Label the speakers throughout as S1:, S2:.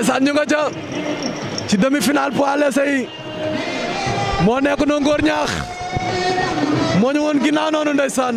S1: ndeysaan ñu nga ci demi-finale poids léger yi moo nekk noonu góor moo ñu woon ginnaaw noonu ndeysaan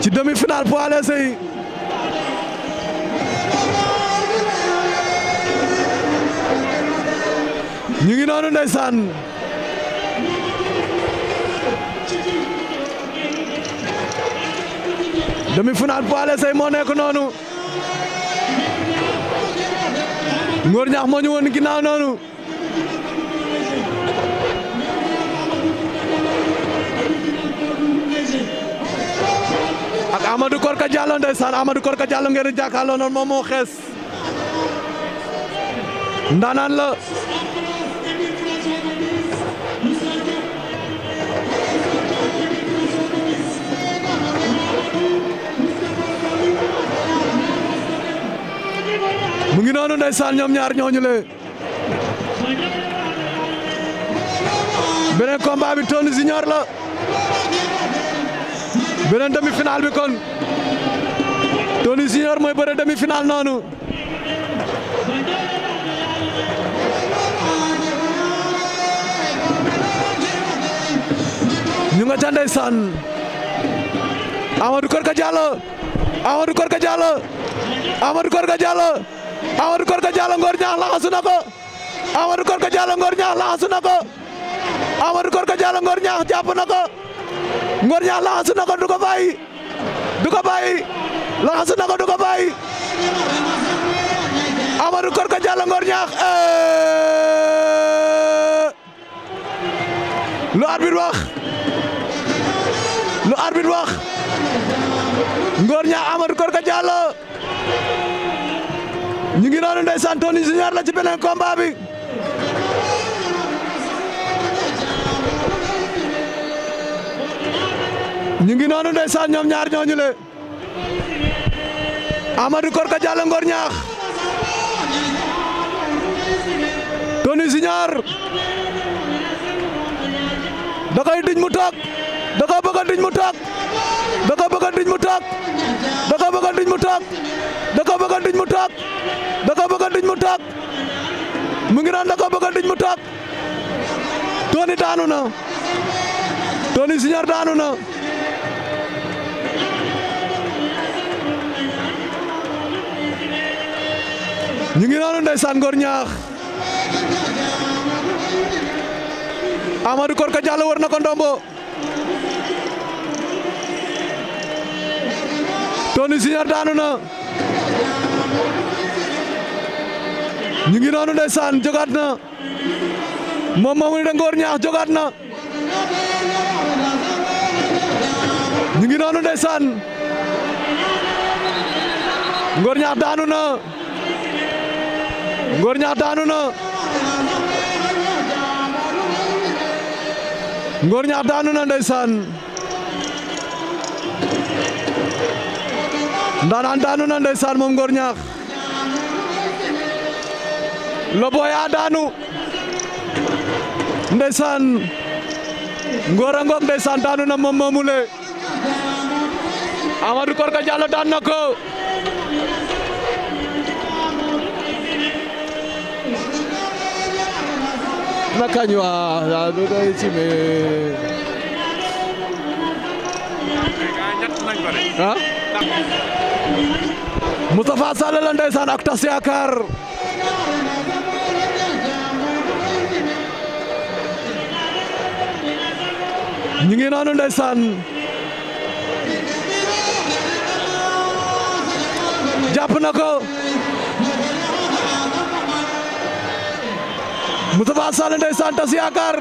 S1: ci demi-finale poids léger yi ñu ngi noonu san demi-finale poids léger moo nekk noonu Ngor Ñax moo ñu woon ginnaaw noonu ak Amadou Korka Diallo ndeysaan Amadou Korka Diallo ngeen di noonu moom xees ndaanaan la ndeysaan ñoom ñaar ñooñu lee beneen combat bi Tony Junior la beneen demi-finale bi kon Tony Junior mooy bëre demi-finale noonu ñu nga ca ndeysaan Amadou Korka Diallo Amadou Korka Diallo Amadou Korka Diallo Amadou Korka Diallo Ngor Niakh laxasu na ko Amadou Korka Diallo Ngor Niakh laxasu na ko Amadou Korka Diallo Ngor Niakh jàpp na ko Ngor Niakh laxasu na ko du ko bàyyi du ko bàyyi laxasu na ko du ko bàyyi Amadou Korka Diallo Ngor Niakh eh. lu arbitre wax lu arbitre wax Ngor Niakh Amadou Korka Diallo ngi noonu ndeysaan Tony Junior la ci beneen combat bi ñu ngi noonu ndeysaan ñoom ñaar ñooñu le Amadou Korka Diallo Ngor ñaax Tony Junior da koy diñ mu toog da koy bëgg diñ mu toog bëggoon duñ mu toog da ko bëggoon duñ mu toog da ko bëggoon duñ mu toog da ko duñ mu mu ngi da ko duñ mu daanu na Toni Junior daanu na ñu ngi noonu ndeysaan Ngor ñaax Amadou Korka war na ko ndombo Tony Junior daanu na ñu ngi noonu ndeysaan jogaat na moom moomu da ngoor jogaat na ñu ngi noonu ndeysaan ngoor ñaax daanu na ngoor ñaax daanu na ngoor ñaax daanu na ndeysaan ndaanaan daanu na ndeysaan moom Ngor Ñaax le boy a daanu ndeysaan Ngor a ngoog daanu na moom moomu le Amadou Korka Diallo daan na ko nakanywa ah Moustapha Sall la ndeysaan ak tas yaakaar ñu ngi noonu na ko Moustapha Sall ndeysaan tas yaakaar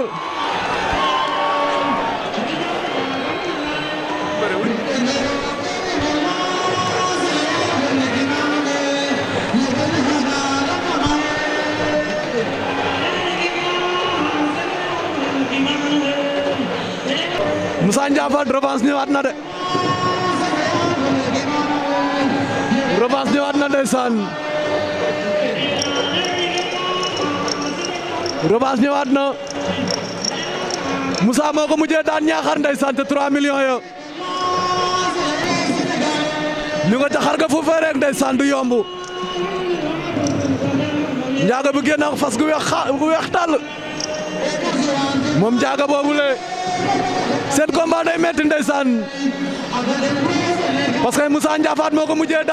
S1: Moussa Ndiaffate revanche ñëwaat na de revanche ñëwaat na ndeysaan revanche ñëwaat na Moussa moo ko mujjee daan ñaaxar ndeysaan te 3 millions yo ñu nga taxar ga fu fee rek ndeysaan du yomb njaaga bi génn fas gu weex gu weex moom njaaga boobu lee seen combat day metti ndeysaan parce que Moussa Ndiafaat moo ko mujjee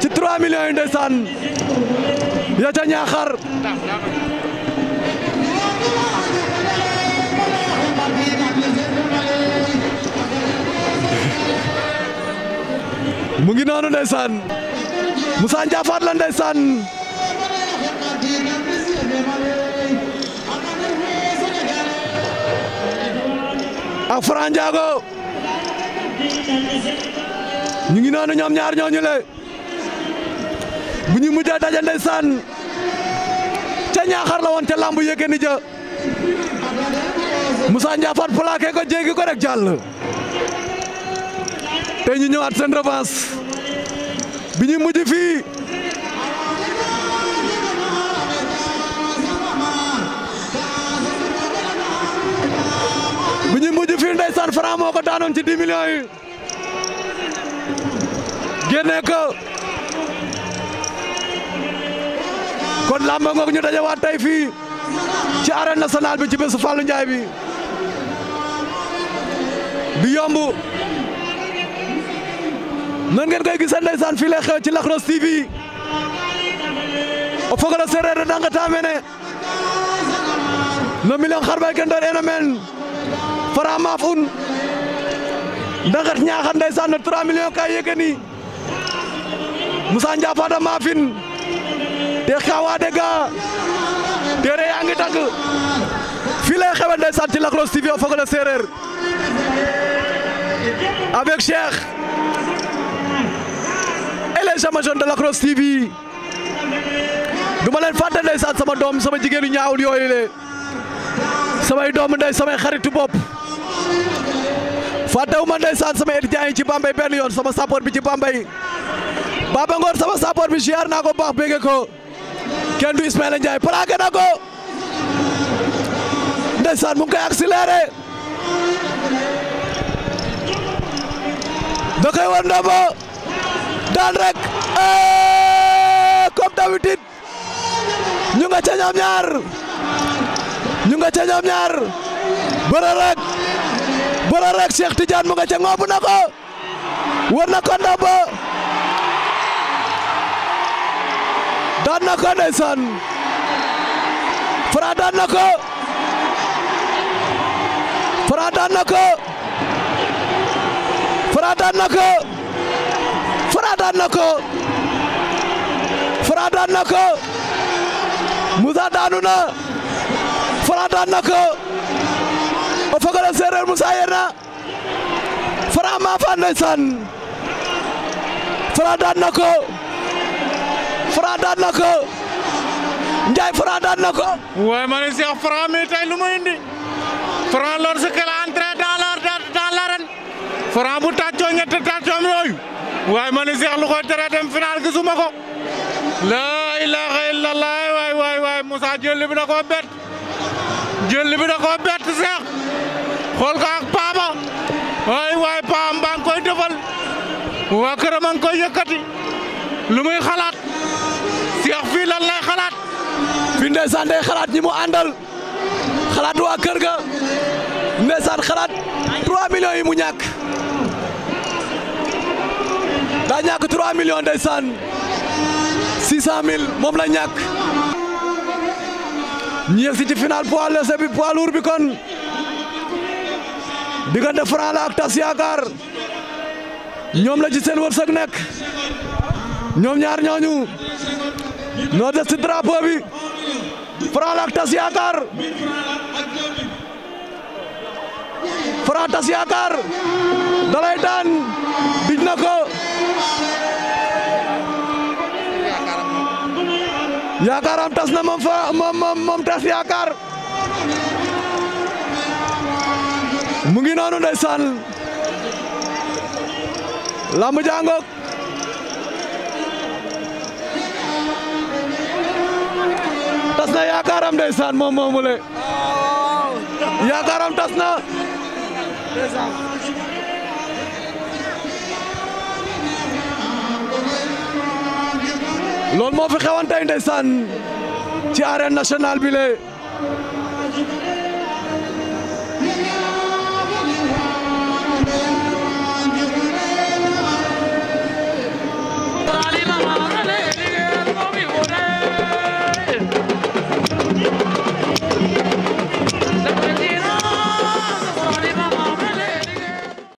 S1: ci 3 millions yi ya ca ñaaxar mu ngi noonu ndeysaan Moussa la ak Franc Ndiago ñu ngi noonu ñoom ñaar ñooñu le bu ñu mujjee daje ndeysaan ca ñaaxar la woon te lamb Yékini ja Moussa Ndiafat plaqué ko jéggi ko rek jàll te ñu ñëwaat seen revanche bi ñu mujj fii Franc moo ko daanoon ci 10 millions yi gene ko kon lamb ngok ñu dajé dajawaat tay fi ci arène nationale bi ci bésu fallu Ndiaye bi bi yombu noonu ngeen koy kan gisee ndaysan fi lay xew ci Lac TV o fogole sereer de dangata tamene no million xarbay ke ndoor ena meen fara mafun ndaxat ñaaxar ndeysaan na 3 millions ka yekeni Moussa da Mafin te de ga tere yaa ngi tag fi lay xewe ndeysaan ci la cross TV ko fogole séeréer avec Cheikh elle les jama de la cross TV duma len leen fàtte sama dom sama jigéenu ñaawul yooyu sama dom doom ndey samay xaritu bop Fatou man ndeysaan sama étudiant yi ci bambay ben yoon sama support bi ci bambay Baba Ngor sama support bi ziar nako bax bege ko ken du Ismaïla Ndiaye plaqué na ko ndeysaan mu ngi koy accéléré da kay war ndabo dal rek comme d'habitude ñu nga ca ñam ñar ñu nga ca ñam ñar bëre para rek Cheikh Tidiane mu nga ca ngoobu na ko wër na ko ndomb daan na ko ndeysaan Fra daan na ko Fra daan na ko Fra daan na ko Fra daan na ko Fra daan na ko Moussa daanu na Fra daan na ko o fogole sereer Moussa yerna Franc Mafane ndeysaan Franc daan na ko Franc daan ko Ndiaye Franc daan ko waaye ma ne Cheikh Franc mi tey lu indi Franc lorsque l'entrée dans l'arène Franc bu tàccoo ñetti tàccoom yooyu waaye ma ne Cheikh lu koy tere dem final gisuma ko la ilaha illallah waay waay waay Moussa jël bi da koo bett jël bi da koo bett Cheikh xool ko ak paa ba waay waay paa ngi koy defal waa këram ngi koy yëkkati lu muy xalaat Cheikh fii lan lay xalaat. fi ndeysaan day xalaat ñi mu àndal xalaat waa kër ga ndeysaan xalaat 3 millions yi mu ñàkk daa ñàkk 3 millions ndeysaan moom la ñàkk. ñi yegsi ci final poids léger bi poids lourd bi kon. diggante Franc la ak tas yaakaar ñoom la ci seen wërsëg nekk ñoom ñaar ñooñu ñoo des ci drapeau bi la ak tas yaakaar Franc tas yaakaar dalay dij na ko yaakaaram tas na moom fa moom moom tas yaakaar mu ngi noonu ndeysaan lamb jàngook tas na yaakaaram ndeysaan moom moomu le yaakaaram tas na loolu moo fi xewoon tey ndeysaan ci arène nationale bi le